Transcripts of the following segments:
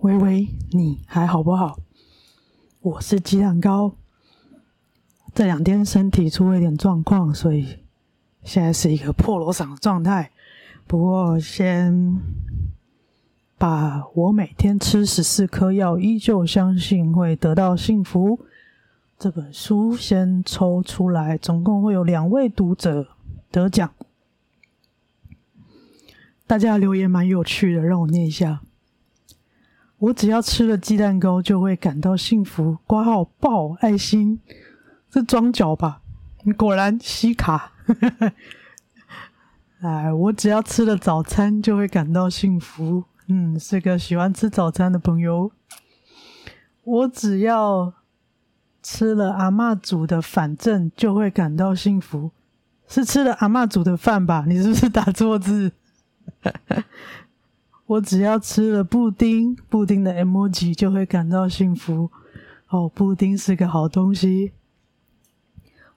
喂喂你還好不好？我是雞蛋糕。這兩天身體出了一點狀況，所以現在是一個破鑼嗓的狀態。不過，先把我每天吃十四顆藥，依舊相信會得到幸福。這本書先抽出來，總共會有兩位讀者得獎。大家留言蠻有趣的，讓我念一下。我只要吃了雞蛋糕就會感到幸福，瓜號抱愛心，是裝腳吧？你果然西卡。哎， 我只要吃了早餐就會感到幸福，嗯，是個喜歡吃早餐的朋友。我只要吃了阿媽煮的，反正就會感到幸福，是吃了阿媽煮的飯吧？你是不是打錯字？ 我只要吃了布丁，布丁的 emoji 就會感到幸福。哦，布丁是個好東西。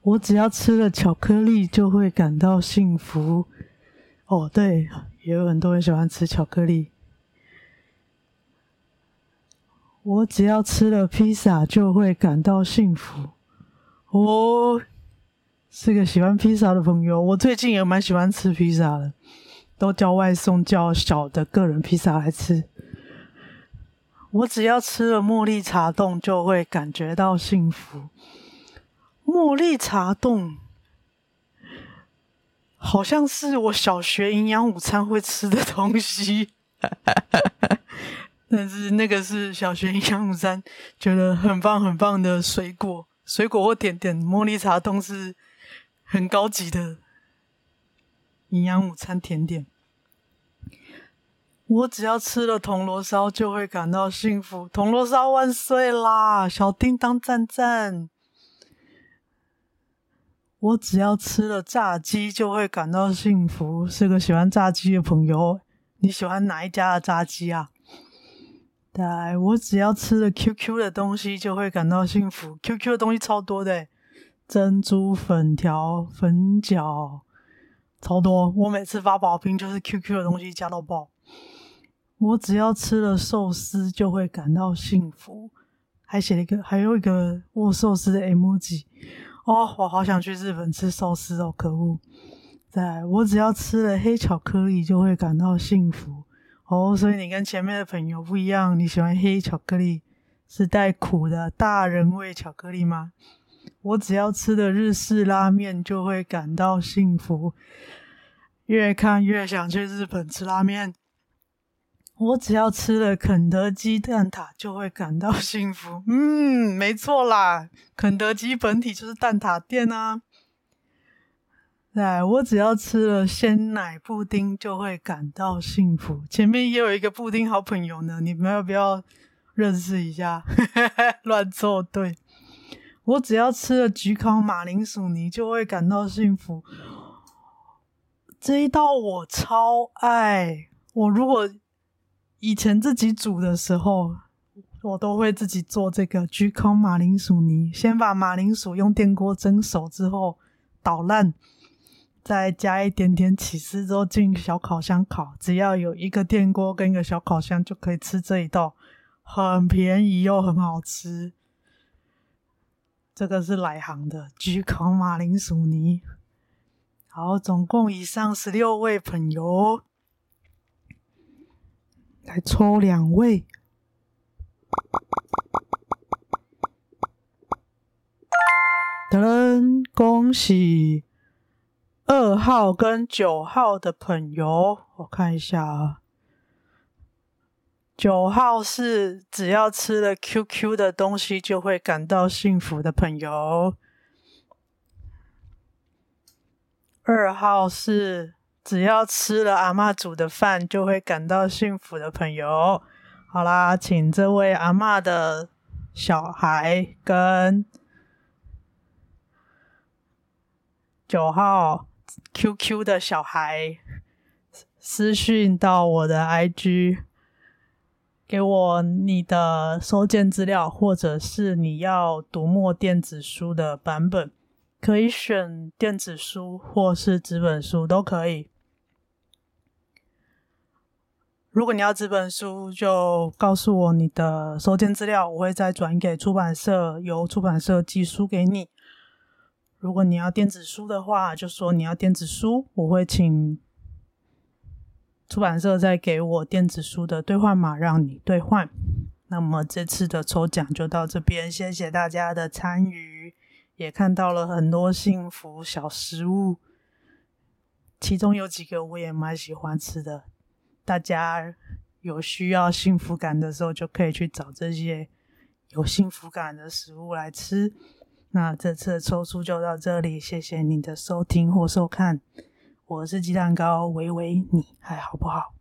我只要吃了巧克力就會感到幸福。哦，對，也有很多人喜歡吃巧克力。我只要吃了披薩就會感到幸福。哦，是個喜歡披薩的朋友。我最近也蠻喜歡吃披薩的。都叫外送，叫小的個人披薩來吃。我只要吃了茉莉茶凍，就會感覺到幸福。茉莉茶凍，好像是我小學營養午餐會吃的東西。但是那個是小學營養午餐覺得很棒很棒的水果，水果或點點。茉莉茶凍是很高級的。營養午餐甜點，我只要吃了銅鑼燒就會感到幸福，銅鑼燒萬歲啦，小叮當贊贊。我只要吃了炸雞就會感到幸福，是個喜歡炸雞的朋友，你喜歡哪一家的炸雞啊？對，我只要吃了 QQ 的東西就會感到幸福，QQ 的東西超多的，欸，珍珠粉條粉餃。超多！我每次發寶瓶就是 QQ 的東西加到爆。我只要吃了壽司就會感到幸福，還寫了一個，還有一個握壽司的 emoji。哦，我好想去日本吃壽司哦，可惡！再來，我只要吃了黑巧克力就會感到幸福。哦，所以你跟前面的朋友不一樣，你喜歡黑巧克力是帶苦的大人味巧克力嗎？我只要吃了日式拉麵就會感到幸福，越看越想去日本吃拉麵。我只要吃了肯德基蛋撻就會感到幸福，嗯，沒錯啦，肯德基本體就是蛋撻店啊。對，我只要吃了鮮奶布丁就會感到幸福。前面也有一個布丁好朋友呢，你們要不要認識一下？亂 作對。我只要吃了焗烤馬鈴薯泥就會感到幸福，這一道我超愛。我如果以前自己煮的時候，我都會自己做這個焗烤馬鈴薯泥。先把馬鈴薯用電鍋蒸熟之後搗爛，再加一點點起司之後進小烤箱烤。只要有一個電鍋跟一個小烤箱就可以吃這一道，很便宜又很好吃。這個是來航的焗烤馬鈴薯泥，好，總共以上十六位朋友來抽兩位，噔，恭喜二號跟九號的朋友，我看一下啊。九號是只要吃了 QQ 的東西就會感到幸福的朋友。二號是只要吃了阿嬤煮的飯就會感到幸福的朋友。好啦，請這位阿嬤的小孩跟九號 QQ 的小孩私訊到我的 IG。給我你的收件資料，或者是你要讀墨電子書的版本，可以選電子書或是紙本書都可以。如果你要紙本書，就告訴我你的收件資料，我會再轉給出版社，由出版社寄書給你。如果你要電子書的話，就說你要電子書，我會請。出版社在給我電子書的兌換碼，讓你兌換。那麼這次的抽獎就到這邊，謝謝大家的參與，也看到了很多幸福小食物，其中有幾個我也蠻喜歡吃的。大家有需要幸福感的時候，就可以去找這些有幸福感的食物來吃。那這次的抽出就到這裡，謝謝你的收聽或收看。我是雞蛋糕維維，喂喂你還好不好？